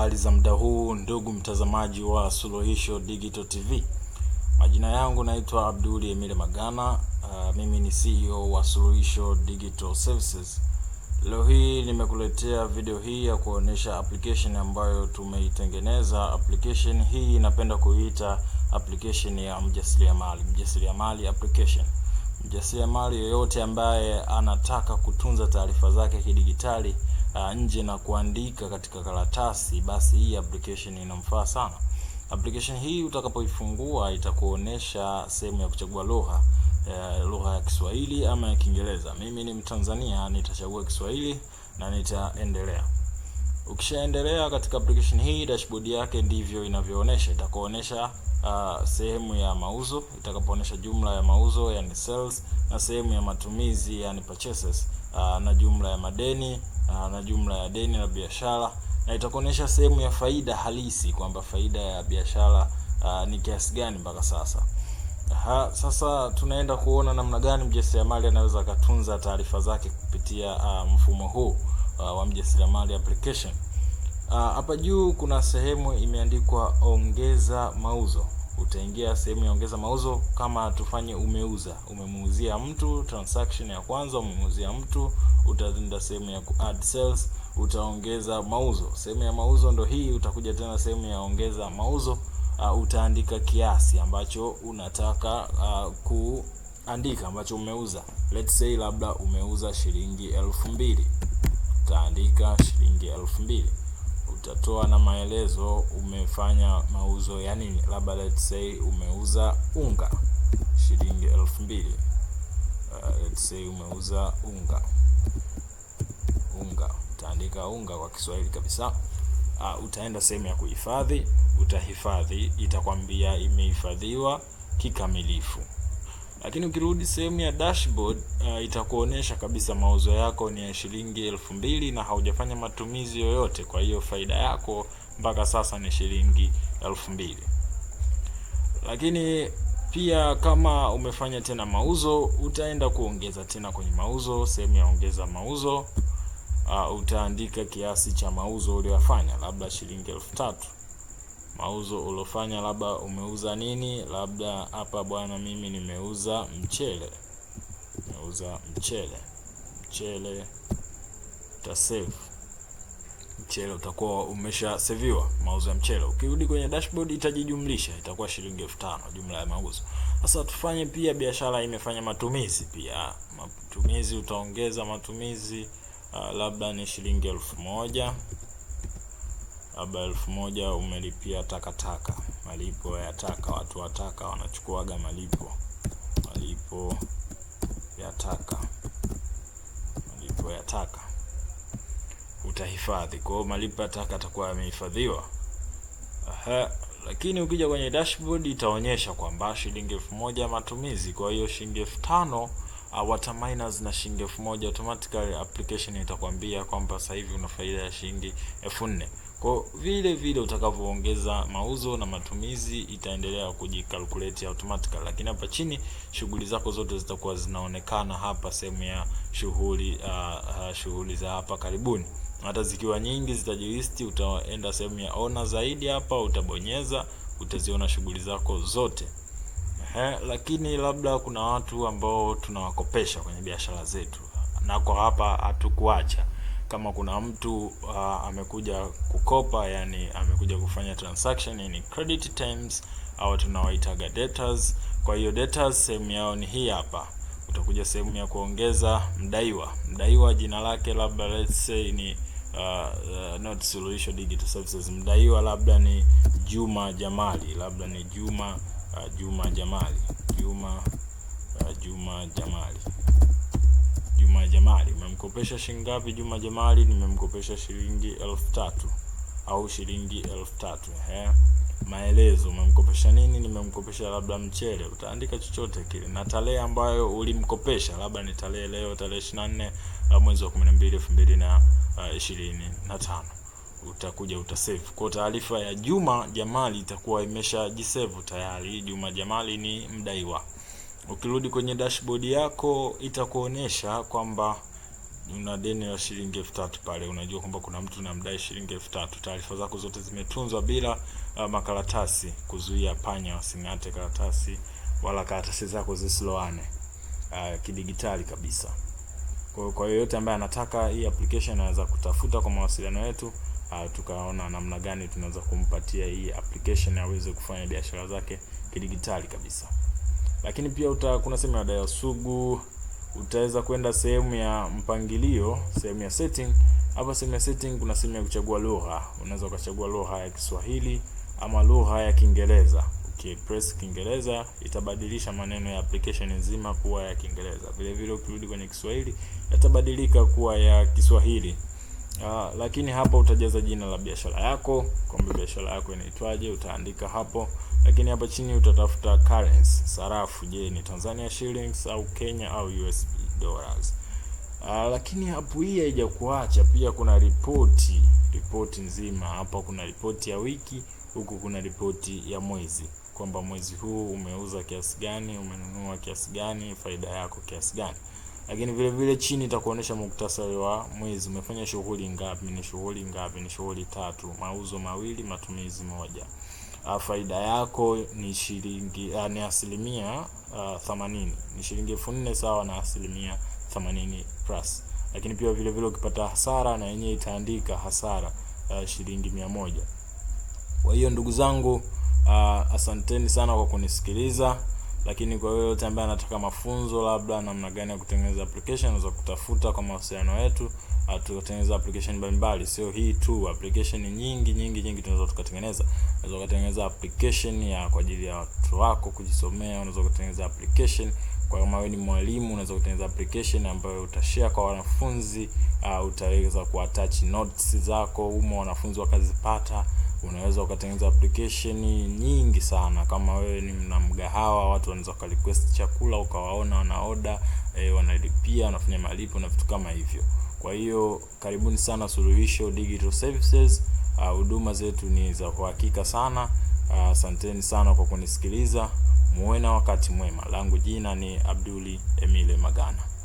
Habari za muda huu, ndugu mtazamaji wa Suluhisho Digital TV. Majina yangu naitwa Abduli Emile Magana. Uh, mimi ni CEO wa Suluhisho Digital Services. Leo hii nimekuletea video hii ya kuonesha application ambayo tumeitengeneza. Application hii inapenda kuita application ya mjasiriamali, mjasiriamali application. Mjasiriamali yeyote ambaye anataka kutunza taarifa zake kidigitali uh, nje na kuandika katika karatasi, basi hii application inamfaa sana. Application hii utakapoifungua itakuonesha sehemu ya kuchagua lugha uh, lugha ya Kiswahili ama ya Kiingereza. Mimi ni Mtanzania, nitachagua Kiswahili na nitaendelea. Ukishaendelea katika application hii, dashboard yake ndivyo inavyoonesha, itakuonesha uh, sehemu ya mauzo itakapoonyesha jumla ya mauzo yani sales, na sehemu ya matumizi yani purchases, uh, na jumla ya madeni uh, na jumla ya deni la biashara, na itakuonyesha sehemu ya faida halisi kwamba faida ya biashara uh, ni kiasi gani mpaka sasa. Ha, sasa tunaenda kuona namna gani mjasiriamali anaweza akatunza taarifa zake kupitia uh, mfumo huu uh, wa mjasiriamali application. Ah, hapa juu kuna sehemu imeandikwa ongeza mauzo. Utaingia sehemu ya ongeza mauzo, kama tufanye umeuza, umemuuzia mtu transaction ya kwanza, umemuuzia mtu, utaenda sehemu ya add sales, utaongeza mauzo. Sehemu ya mauzo ndo hii. Utakuja tena sehemu ya ongeza mauzo, uh, utaandika kiasi ambacho unataka uh, kuandika ambacho umeuza. Let's say labda umeuza shilingi elfu mbili utaandika shilingi elfu mbili utatoa na maelezo umefanya mauzo yani, labda let's say umeuza unga shilingi elfu mbili. Uh, let's say umeuza unga unga, utaandika unga kwa Kiswahili kabisa. Uh, utaenda sehemu ya kuhifadhi, utahifadhi, itakwambia imehifadhiwa kikamilifu. Lakini ukirudi sehemu ya dashboard uh, itakuonyesha kabisa mauzo yako ni ya shilingi elfu mbili na haujafanya matumizi yoyote, kwa hiyo faida yako mpaka sasa ni shilingi elfu mbili. Lakini pia kama umefanya tena mauzo, utaenda kuongeza tena kwenye mauzo, sehemu ya ongeza mauzo uh, utaandika kiasi cha mauzo uliyofanya, labda shilingi elfu tatu mauzo uliofanya, labda umeuza nini, labda hapa bwana, mimi nimeuza mchele, nimeuza mchele. Mchele utasave, mchele utakuwa umeshaseviwa mauzo ya mchele. Ukirudi kwenye dashboard itajijumlisha, itakuwa shilingi elfu tano jumla ya mauzo. Sasa tufanye pia biashara imefanya matumizi pia, matumizi utaongeza matumizi, uh, labda ni shilingi elfu moja labda elfu moja umelipia takataka, malipo ya taka, watu wa taka wanachukuaga malipo, malipo ya taka, malipo ya taka utahifadhi. Kwa hiyo malipo ya taka atakuwa yamehifadhiwa. Aha, lakini ukija kwenye dashboard itaonyesha kwamba shilingi elfu moja matumizi. Kwa hiyo shilingi elfu tano uh, water miners na shilingi elfu moja automatically application itakwambia kwamba sasa hivi una faida ya shilingi elfu nne. Kwa vile vile utakavyoongeza mauzo na matumizi itaendelea kujikalkulate automatically, lakini hapa chini shughuli zako zote zitakuwa zinaonekana hapa sehemu ya shughuli uh, uh, shughuli za hapa karibuni. Hata zikiwa nyingi zitajilisti, utaenda sehemu ya ona zaidi hapa, utabonyeza utaziona shughuli zako zote. He, lakini labda kuna watu ambao tunawakopesha kwenye biashara zetu, na kwa hapa hatukuacha kama kuna mtu uh, amekuja kukopa, yani amekuja kufanya transaction, yani credit terms au tunawaitaga debtors. Kwa hiyo debtors sehemu yao ni hii hapa, utakuja sehemu ya kuongeza mdaiwa. Mdaiwa jina lake labda let's say ni Uh, uh, not solution Digital Services. Mdaiwa labda ni Juma Jamali, labda ni Juma uh, Juma Jamali Juma uh, Juma Jamali. Jamali, umemkopesha shilingi ngapi Juma Jamali? Nimemkopesha shilingi elfu tatu au shilingi elfu tatu eh. Maelezo, umemkopesha nini? Nimemkopesha labda mchele, utaandika chochote kile na tarehe ambayo ulimkopesha, labda ni tarehe leo, tarehe 24 mwezi wa 12 2025 uh, utakuja utasave. Kwa taarifa ya Juma Jamali itakuwa imeshajisave tayari. Juma Jamali ni mdaiwa. Ukirudi kwenye dashboard yako itakuonyesha kwamba una deni la shilingi elfu tatu pale. Unajua kwamba kuna mtu namdai shilingi elfu tatu. Taarifa zako zote zimetunzwa bila uh, makaratasi kuzuia panya wasing'ate karatasi wala karatasi zako zisiloane, uh, kidigitali kabisa. Kwa kwa yoyote ambaye anataka hii application anaweza kutafuta kwa mawasiliano yetu, uh, tukaona namna gani tunaweza kumpatia hii application aweze kufanya biashara zake kidigitali kabisa lakini pia uta, kuna sehemu ya daya sugu utaweza kwenda sehemu ya mpangilio, sehemu ya setting. Hapa sehemu ya setting kuna sehemu ya kuchagua lugha, unaweza ukachagua lugha ya Kiswahili ama lugha ya Kiingereza. Ukipress Kiingereza itabadilisha maneno ya application nzima kuwa ya Kiingereza. Vile vile ukirudi kwenye Kiswahili yatabadilika kuwa ya Kiswahili. Uh, lakini hapa utajaza jina la biashara yako, kwamba biashara yako inaitwaje, utaandika hapo. Lakini hapa chini utatafuta currency, sarafu. Je, ni Tanzania shillings au Kenya au US dollars? Uh, lakini hapo hii haijakuacha pia, kuna ripoti ripoti nzima hapa. Kuna ripoti ya wiki, huku kuna ripoti ya mwezi, kwamba mwezi huu umeuza kiasi gani, umenunua kiasi gani, faida yako kiasi gani. Lakini vile vile chini itakuonesha muktasari wa mwezi, umefanya shughuli ngapi, ni shughuli ngapi, ni shughuli tatu, mauzo mawili, matumizi moja. Ah, faida yako ni shilingi uh, ni asilimia uh, ni shilingi elfu nne sawa na asilimia themanini plus, lakini pia vile vile ukipata hasara na yenyewe itaandika hasara uh, shilingi mia moja. Kwa hiyo ndugu zangu, uh, asanteni sana kwa kunisikiliza. Lakini kwa yoyote ambaye anataka mafunzo labda namna gani ya kutengeneza application, za kutafuta kwa mawasiliano yetu, tutengeneza application mbalimbali, sio hii tu, application nyingi nyingi nyingi tunaweza tukatengeneza. Unaweza kutengeneza application ya kwa ajili ya watoto wako kujisomea, unaweza kutengeneza application kwa kama wewe ni mwalimu, unaweza kutengeneza application ambayo utashare kwa wanafunzi, uh, utaweza kuattach notes zako humo, wanafunzi wakazipata unaweza ukatengeneza application nyingi sana kama wewe ni mna mgahawa watu wanaweza request chakula ukawaona wanaoda order e, wanalipia wanafanya malipo na vitu kama hivyo kwa hiyo karibuni sana suluhisho digital services huduma uh, zetu ni za uhakika sana asanteni uh, sana kwa kunisikiliza muwe na wakati mwema langu jina ni abduli emile magana